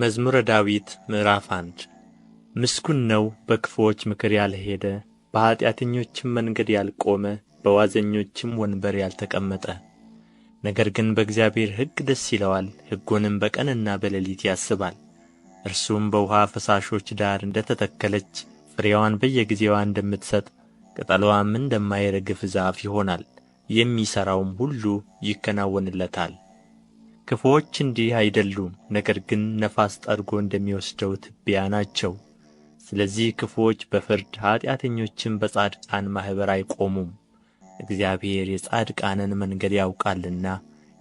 መዝሙረ ዳዊት ምዕራፍ አንድ ምስጉን ነው በክፉዎች ምክር ያልሄደ በኃጢአተኞችም መንገድ ያልቆመ በዋዘኞችም ወንበር ያልተቀመጠ ነገር ግን በእግዚአብሔር ሕግ ደስ ይለዋል ሕጉንም በቀንና በሌሊት ያስባል እርሱም በውኃ ፈሳሾች ዳር እንደ ተተከለች ፍሬዋን በየጊዜዋ እንደምትሰጥ ቅጠሏም እንደማይረግፍ ዛፍ ይሆናል የሚሠራውም ሁሉ ይከናወንለታል ክፉዎች እንዲህ አይደሉም፣ ነገር ግን ነፋስ ጠርጎ እንደሚወስደው ትቢያ ናቸው። ስለዚህ ክፉዎች በፍርድ ኃጢአተኞችም በጻድቃን ማኅበር አይቆሙም። እግዚአብሔር የጻድቃንን መንገድ ያውቃልና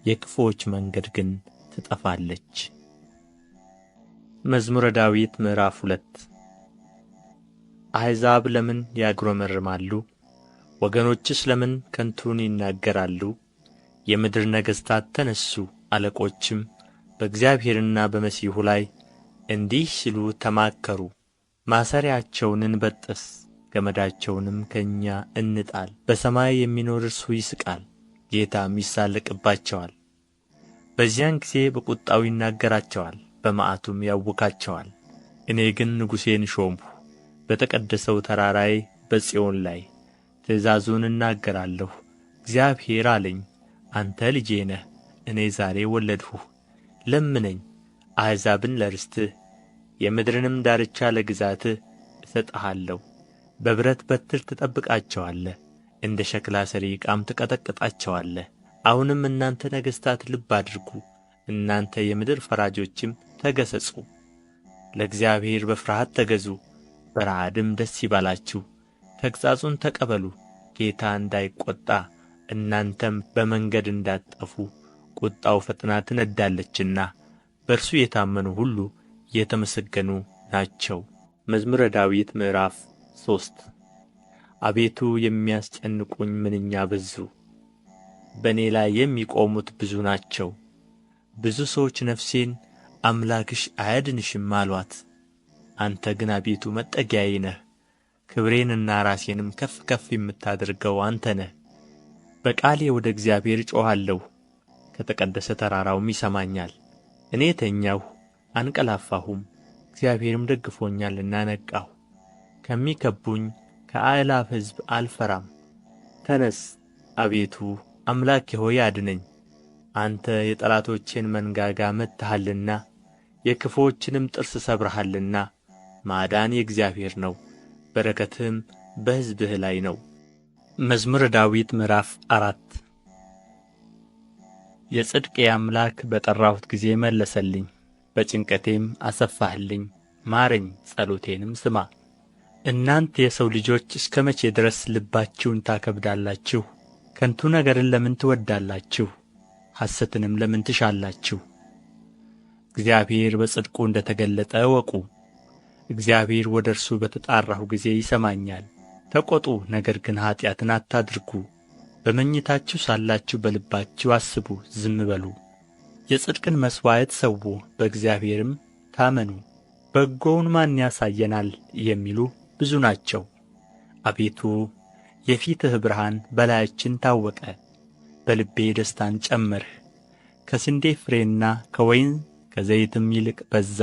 የክፉዎች መንገድ ግን ትጠፋለች። መዝሙረ ዳዊት ምዕራፍ ሁለት አሕዛብ ለምን ያጉረመርማሉ? ወገኖችስ ለምን ከንቱን ይናገራሉ? የምድር ነገሥታት ተነሱ አለቆችም በእግዚአብሔርና በመሲሑ ላይ እንዲህ ሲሉ ተማከሩ ማሰሪያቸውን እንበጥስ ገመዳቸውንም ከእኛ እንጣል በሰማይ የሚኖር እርሱ ይስቃል ጌታም ይሳለቅባቸዋል በዚያን ጊዜ በቁጣው ይናገራቸዋል በመዓቱም ያውካቸዋል እኔ ግን ንጉሴን ሾምሁ በተቀደሰው ተራራዬ በጽዮን ላይ ትእዛዙን እናገራለሁ እግዚአብሔር አለኝ አንተ ልጄ ነህ እኔ ዛሬ ወለድሁህ። ለምነኝ፣ አሕዛብን ለርስትህ፣ የምድርንም ዳርቻ ለግዛትህ እሰጥሃለሁ። በብረት በትር ትጠብቃቸዋለህ፣ እንደ ሸክላ ሰሪ ዕቃም ትቀጠቅጣቸዋለህ። አሁንም እናንተ ነገሥታት ልብ አድርጉ፣ እናንተ የምድር ፈራጆችም ተገሠጹ። ለእግዚአብሔር በፍርሃት ተገዙ፣ በረዓድም ደስ ይባላችሁ። ተግሣጹን ተቀበሉ፣ ጌታ እንዳይቈጣ እናንተም በመንገድ እንዳትጠፉ ቁጣው ፈጥና ትነዳለችና በእርሱ የታመኑ ሁሉ የተመሰገኑ ናቸው። መዝሙረ ዳዊት ምዕራፍ ሶስት አቤቱ የሚያስጨንቁኝ ምንኛ በዙ! በእኔ ላይ የሚቆሙት ብዙ ናቸው። ብዙ ሰዎች ነፍሴን አምላክሽ አያድንሽም አሏት። አንተ ግን አቤቱ መጠጊያዬ ነህ፣ ክብሬንና ራሴንም ከፍ ከፍ የምታደርገው አንተ ነህ። በቃሌ ወደ እግዚአብሔር እጮኻለሁ፣ ከተቀደሰ ተራራውም ይሰማኛል። እኔ ተኛሁ አንቀላፋሁም፣ እግዚአብሔርም ደግፎኛልና ነቃሁ። ከሚከቡኝ ከአእላፍ ሕዝብ አልፈራም። ተነስ አቤቱ አምላኬ ሆይ አድነኝ። አንተ የጠላቶቼን መንጋጋ መትሃልና የክፉዎችንም ጥርስ ሰብረሃልና። ማዳን የእግዚአብሔር ነው፣ በረከትህም በሕዝብህ ላይ ነው። መዝሙር ዳዊት ምዕራፍ አራት የጽድቄ አምላክ በጠራሁት ጊዜ መለሰልኝ፣ በጭንቀቴም አሰፋህልኝ። ማረኝ፣ ጸሎቴንም ስማ። እናንተ የሰው ልጆች እስከ መቼ ድረስ ልባችሁን ታከብዳላችሁ? ከንቱ ነገርን ለምን ትወዳላችሁ? ሐሰትንም ለምን ትሻላችሁ? እግዚአብሔር በጽድቁ እንደ ተገለጠ እወቁ። እግዚአብሔር ወደ እርሱ በተጣራሁ ጊዜ ይሰማኛል። ተቈጡ፣ ነገር ግን ኃጢአትን አታድርጉ። በመኝታችሁ ሳላችሁ በልባችሁ አስቡ፣ ዝም በሉ። የጽድቅን መሥዋዕት ሰዉ፣ በእግዚአብሔርም ታመኑ። በጎውን ማን ያሳየናል የሚሉ ብዙ ናቸው። አቤቱ የፊትህ ብርሃን በላያችን ታወቀ። በልቤ ደስታን ጨመርህ። ከስንዴ ፍሬና ከወይን ከዘይትም ይልቅ በዛ።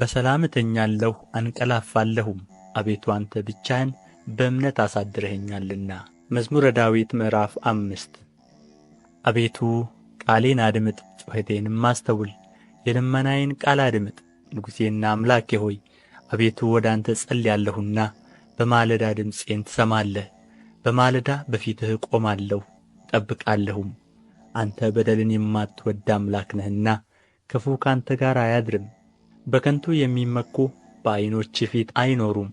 በሰላም እተኛለሁ አንቀላፋለሁም፣ አቤቱ አንተ ብቻህን በእምነት አሳድረኸኛልና። መዝሙረ ዳዊት ምዕራፍ አምስት አቤቱ ቃሌን አድምጥ፣ ጩኸቴንም አስተውል፣ የልመናዬን ቃል አድምጥ። ንጉሴና አምላኬ ሆይ አቤቱ ወደ አንተ ጸልያለሁና በማለዳ ድምፄን ትሰማለህ። በማለዳ በፊትህ እቆማለሁ እጠብቃለሁም። አንተ በደልን የማትወድ አምላክ ነህና ክፉ ካንተ ጋር አያድርም። በከንቱ የሚመኩ በዓይኖች ፊት አይኖሩም።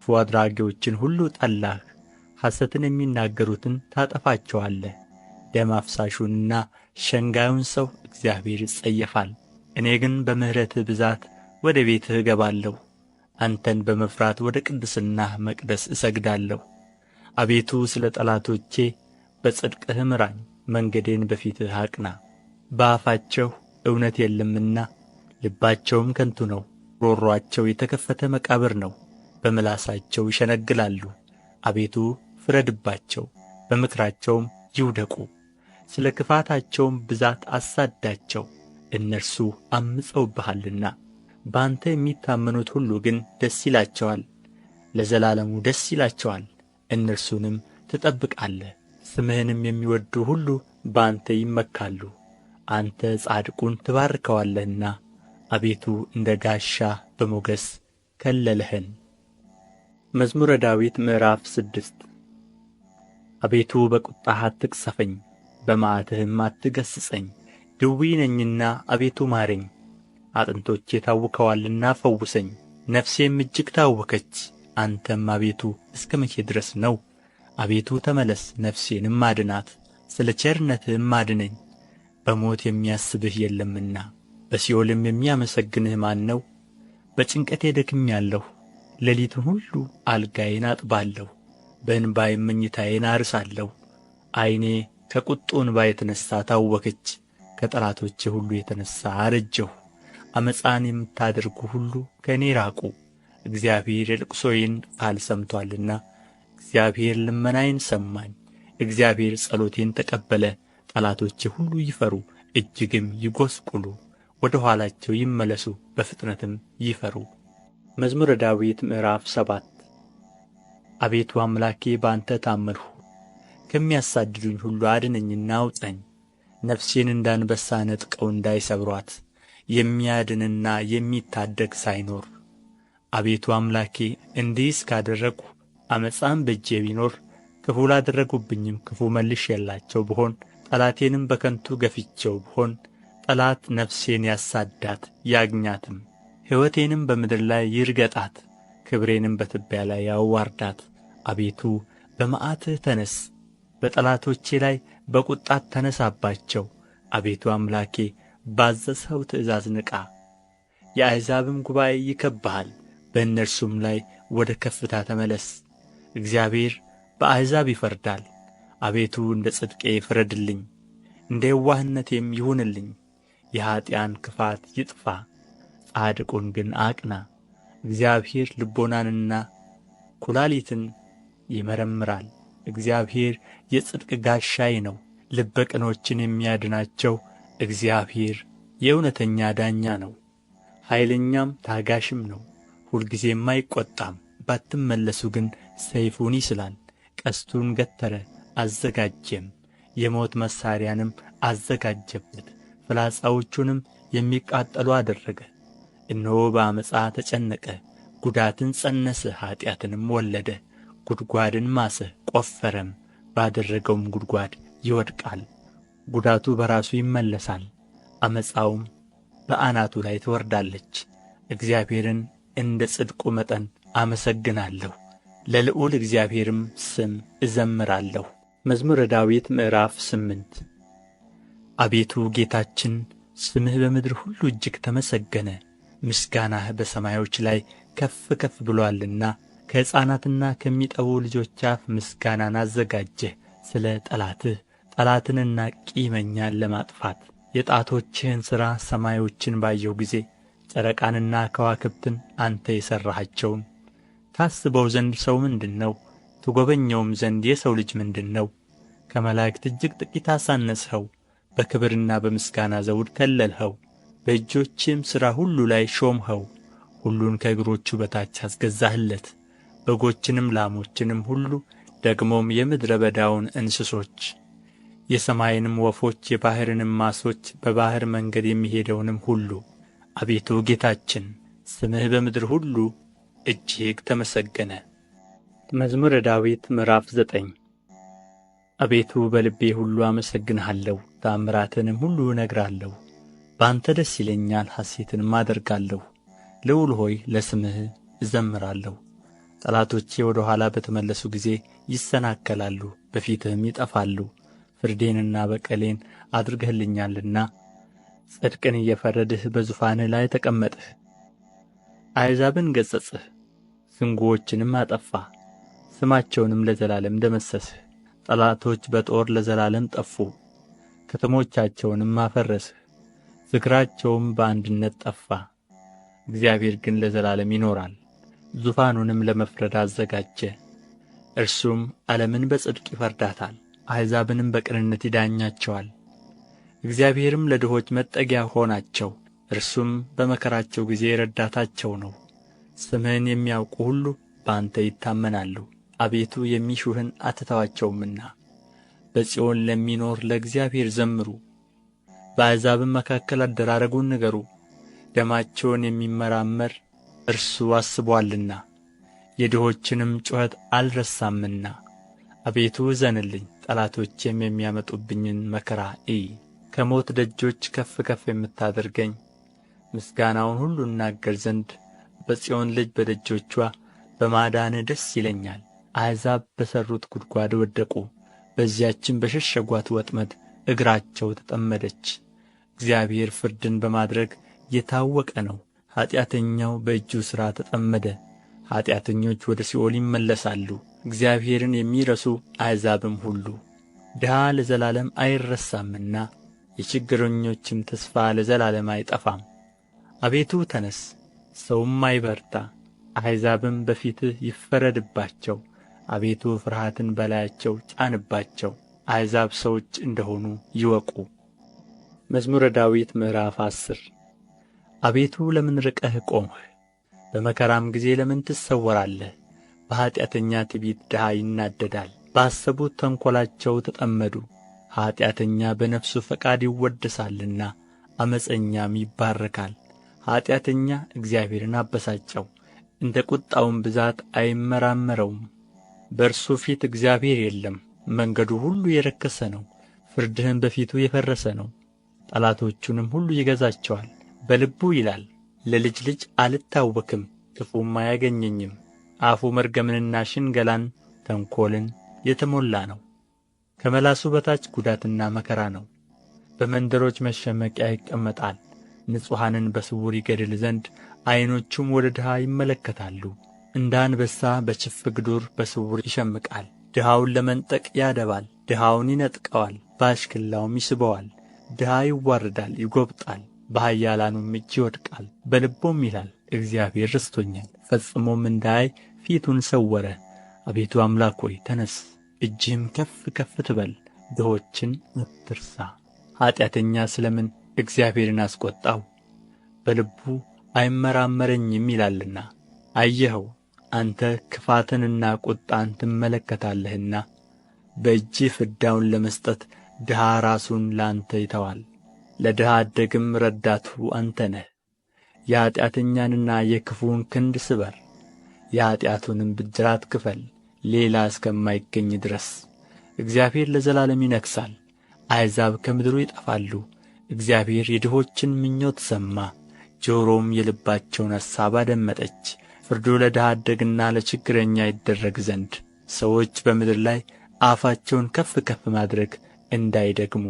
ክፉ አድራጊዎችን ሁሉ ጠላህ፣ ሐሰትን የሚናገሩትን ታጠፋቸዋለህ ደም አፍሳሹንና ሸንጋዩን ሰው እግዚአብሔር ይጸየፋል እኔ ግን በምሕረትህ ብዛት ወደ ቤትህ እገባለሁ አንተን በመፍራት ወደ ቅድስና መቅደስ እሰግዳለሁ አቤቱ ስለ ጠላቶቼ በጽድቅህ ምራኝ መንገዴን በፊትህ አቅና በአፋቸው እውነት የለምና ልባቸውም ከንቱ ነው ሮሮአቸው የተከፈተ መቃብር ነው በምላሳቸው ይሸነግላሉ አቤቱ ፍረድባቸው፣ በምክራቸውም ይውደቁ። ስለ ክፋታቸውም ብዛት አሳዳቸው፣ እነርሱ አምፀውብሃልና። በአንተ የሚታመኑት ሁሉ ግን ደስ ይላቸዋል፣ ለዘላለሙ ደስ ይላቸዋል። እነርሱንም ትጠብቃለህ፣ ስምህንም የሚወዱ ሁሉ በአንተ ይመካሉ። አንተ ጻድቁን ትባርከዋለህና አቤቱ እንደ ጋሻ በሞገስ ከለለህን። መዝሙረ ዳዊት ምዕራፍ ስድስት አቤቱ በቁጣህ አትቅሰፈኝ፣ በመዓትህም አትገሥጸኝ ድውይ ነኝና አቤቱ ማረኝ አጥንቶቼ ታውከዋልና ፈውሰኝ ነፍሴም እጅግ ታወከች አንተም አቤቱ እስከ መቼ ድረስ ነው አቤቱ ተመለስ ነፍሴንም አድናት ስለ ቸርነትህም አድነኝ በሞት የሚያስብህ የለምና በሲኦልም የሚያመሰግንህ ማን ነው በጭንቀቴ ደክሜአለሁ ሌሊቱን ሁሉ አልጋዬን አጥባለሁ በእንባዬም መኝታዬን አርሳለሁ ዐይኔ ከቍጡ እንባ የተነሣ ታወከች ከጠላቶቼ ሁሉ የተነሣ አረጀሁ ዓመፃን የምታደርጉ ሁሉ ከእኔ ራቁ እግዚአብሔር የልቅሶዬን ቃል ሰምቶአልና እግዚአብሔር ልመናዬን ሰማኝ እግዚአብሔር ጸሎቴን ተቀበለ ጠላቶቼ ሁሉ ይፈሩ እጅግም ይጐስቁሉ ወደ ኋላቸው ይመለሱ በፍጥነትም ይፈሩ መዝሙረ ዳዊት ምዕራፍ ሰባት አቤቱ አምላኬ በአንተ ታመንሁ ከሚያሳድዱኝ ሁሉ አድነኝና አውጠኝ ነፍሴን እንዳንበሳ ነጥቀው እንዳይሰብሯት የሚያድንና የሚታደግ ሳይኖር አቤቱ አምላኬ እንዲህስ ካደረግሁ አመፃም በእጄ ቢኖር ክፉ ላደረጉብኝም ክፉ መልሼላቸው ብሆን ጠላቴንም በከንቱ ገፍቼው ብሆን ጠላት ነፍሴን ያሳዳት ያግኛትም ሕይወቴንም በምድር ላይ ይርገጣት ክብሬንም በትቢያ ላይ ያዋርዳት። አቤቱ በመዓትህ ተነስ፣ በጠላቶቼ ላይ በቁጣት ተነሳባቸው። አቤቱ አምላኬ ባዘዝኸው ትእዛዝ ንቃ። የአሕዛብም ጉባኤ ይከብሃል፣ በእነርሱም ላይ ወደ ከፍታ ተመለስ። እግዚአብሔር በአሕዛብ ይፈርዳል። አቤቱ እንደ ጽድቄ ፍረድልኝ፣ እንደ የዋህነቴም ይሁንልኝ። የኀጢአን ክፋት ይጥፋ፣ ጻድቁን ግን አቅና። እግዚአብሔር ልቦናንና ኩላሊትን ይመረምራል እግዚአብሔር የጽድቅ ጋሻዬ ነው ልበ ቅኖችን የሚያድናቸው እግዚአብሔር የእውነተኛ ዳኛ ነው ኃይለኛም ታጋሽም ነው ሁልጊዜም አይቈጣም ባትመለሱ ግን ሰይፉን ይስላል ቀስቱን ገተረ አዘጋጀም የሞት መሣሪያንም አዘጋጀበት ፍላጻዎቹንም የሚቃጠሉ አደረገ እነሆ በዓመፃ ተጨነቀ ጉዳትን ፀነሰ ኃጢአትንም ወለደ ጉድጓድን ማሰ ቈፈረም ባደረገውም ጉድጓድ ይወድቃል ጉዳቱ በራሱ ይመለሳል ዓመፃውም በአናቱ ላይ ትወርዳለች እግዚአብሔርን እንደ ጽድቁ መጠን አመሰግናለሁ ለልዑል እግዚአብሔርም ስም እዘምራለሁ መዝሙረ ዳዊት ምዕራፍ ስምንት አቤቱ ጌታችን ስምህ በምድር ሁሉ እጅግ ተመሰገነ ምስጋናህ በሰማዮች ላይ ከፍ ከፍ ብሎአልና ከሕፃናትና ከሚጠቡ ልጆች አፍ ምስጋናን አዘጋጀህ ስለ ጠላትህ ጠላትንና ቂመኛን ለማጥፋት የጣቶችህን ሥራ ሰማዮችን ባየሁ ጊዜ ጨረቃንና ከዋክብትን አንተ የሠራሃቸውን ታስበው ዘንድ ሰው ምንድን ነው? ትጎበኘውም ዘንድ የሰው ልጅ ምንድን ነው? ከመላእክት እጅግ ጥቂት አሳነስኸው፣ በክብርና በምስጋና ዘውድ ከለልኸው። በእጆቼም ሥራ ሁሉ ላይ ሾምኸው። ሁሉን ከእግሮቹ በታች አስገዛህለት፣ በጎችንም ላሞችንም ሁሉ ደግሞም የምድረ በዳውን እንስሶች የሰማይንም ወፎች የባሕርንም ማሶች በባሕር መንገድ የሚሄደውንም ሁሉ። አቤቱ ጌታችን ስምህ በምድር ሁሉ እጅግ ተመሰገነ። መዝሙረ ዳዊት ምዕራፍ ዘጠኝ አቤቱ በልቤ ሁሉ አመሰግንሃለሁ፣ ተአምራትንም ሁሉ እነግራለሁ። በአንተ ደስ ይለኛል ሐሴትንም አደርጋለሁ። ልዑል ሆይ ለስምህ እዘምራለሁ። ጠላቶቼ ወደ ኋላ በተመለሱ ጊዜ ይሰናከላሉ፣ በፊትህም ይጠፋሉ። ፍርዴንና በቀሌን አድርገህልኛልና ጽድቅን እየፈረድህ በዙፋንህ ላይ ተቀመጥህ። አሕዛብን ገሠጽህ፣ ዝንጉዎችንም አጠፋ ስማቸውንም ለዘላለም ደመሰስህ። ጠላቶች በጦር ለዘላለም ጠፉ፣ ከተሞቻቸውንም አፈረስህ። ዝክራቸውም በአንድነት ጠፋ። እግዚአብሔር ግን ለዘላለም ይኖራል፣ ዙፋኑንም ለመፍረድ አዘጋጀ። እርሱም ዓለምን በጽድቅ ይፈርዳታል፣ አሕዛብንም በቅንነት ይዳኛቸዋል። እግዚአብሔርም ለድሆች መጠጊያ ሆናቸው፣ እርሱም በመከራቸው ጊዜ ረዳታቸው ነው። ስምህን የሚያውቁ ሁሉ በአንተ ይታመናሉ፣ አቤቱ የሚሹህን አትተዋቸውምና። በጽዮን ለሚኖር ለእግዚአብሔር ዘምሩ። በአሕዛብም መካከል አደራረጉን ንገሩ። ደማቸውን የሚመራመር እርሱ አስቦአልና የድሆችንም ጩኸት አልረሳምና። አቤቱ እዘንልኝ፣ ጠላቶቼም የሚያመጡብኝን መከራ እይ። ከሞት ደጆች ከፍ ከፍ የምታደርገኝ ምስጋናውን ሁሉ እናገር ዘንድ በጽዮን ልጅ በደጆቿ በማዳንህ ደስ ይለኛል። አሕዛብ በሠሩት ጉድጓድ ወደቁ፣ በዚያችን በሸሸጓት ወጥመድ እግራቸው ተጠመደች። እግዚአብሔር ፍርድን በማድረግ የታወቀ ነው። ኃጢአተኛው በእጁ ሥራ ተጠመደ። ኃጢአተኞች ወደ ሲኦል ይመለሳሉ፣ እግዚአብሔርን የሚረሱ አሕዛብም ሁሉ። ድሃ ለዘላለም አይረሳምና የችግረኞችም ተስፋ ለዘላለም አይጠፋም። አቤቱ ተነስ፣ ሰውም አይበርታ፣ አሕዛብም በፊትህ ይፈረድባቸው። አቤቱ ፍርሃትን በላያቸው ጫንባቸው፣ አሕዛብ ሰዎች እንደሆኑ ይወቁ። መዝሙረ ዳዊት ምዕራፍ አስር አቤቱ ለምን ርቀህ ቆምህ? በመከራም ጊዜ ለምን ትሰወራለህ? በኀጢአተኛ ትዕቢት ድሃ ይናደዳል። ባሰቡት ተንኰላቸው ተጠመዱ። ኀጢአተኛ በነፍሱ ፈቃድ ይወደሳልና ዓመፀኛም ይባረካል። ኀጢአተኛ እግዚአብሔርን አበሳጨው፣ እንደ ቁጣውን ብዛት አይመራመረውም። በእርሱ ፊት እግዚአብሔር የለም። መንገዱ ሁሉ የረከሰ ነው፣ ፍርድህም በፊቱ የፈረሰ ነው። ጠላቶቹንም ሁሉ ይገዛቸዋል በልቡ ይላል ለልጅ ልጅ አልታወክም ክፉም አያገኘኝም አፉ መርገምንና ሽንገላን ተንኰልን የተሞላ ነው ከመላሱ በታች ጉዳትና መከራ ነው በመንደሮች መሸመቂያ ይቀመጣል ንጹሐንን በስውር ይገድል ዘንድ ዐይኖቹም ወደ ድሃ ይመለከታሉ እንደ አንበሳ በችፍግ ዱር በስውር ይሸምቃል ድሃውን ለመንጠቅ ያደባል ድሃውን ይነጥቀዋል በአሽክላውም ይስበዋል ድሀ ይዋረዳል ይጐብጣል በኃያላኑም እጅ ይወድቃል በልቦም ይላል እግዚአብሔር ረስቶኛል ፈጽሞም እንዳያይ ፊቱን ሰወረ አቤቱ አምላክ ሆይ ተነስ እጅህም ከፍ ከፍ ትበል ድሆችን አትርሳ ኀጢአተኛ ስለ ምን እግዚአብሔርን አስቈጣው በልቡ አይመራመረኝም ይላልና አየኸው አንተ ክፋትንና ቍጣን ትመለከታለህና በእጅህ ፍዳውን ለመስጠት ድሀ ራሱን ለአንተ ይተዋል፣ ለድሀ አደግም ረዳቱ አንተ ነህ። የኀጢአተኛንና የክፉውን ክንድ ስበር፣ የኀጢአቱንም ብድራት ክፈል፣ ሌላ እስከማይገኝ ድረስ። እግዚአብሔር ለዘላለም ይነግሣል፣ አሕዛብ ከምድሩ ይጠፋሉ። እግዚአብሔር የድሆችን ምኞት ሰማ፣ ጆሮም የልባቸውን ሐሳብ አደመጠች። ፍርዱ ለድሃ አደግና ለችግረኛ ይደረግ ዘንድ ሰዎች በምድር ላይ አፋቸውን ከፍ ከፍ ማድረግ እንዳይደግሙ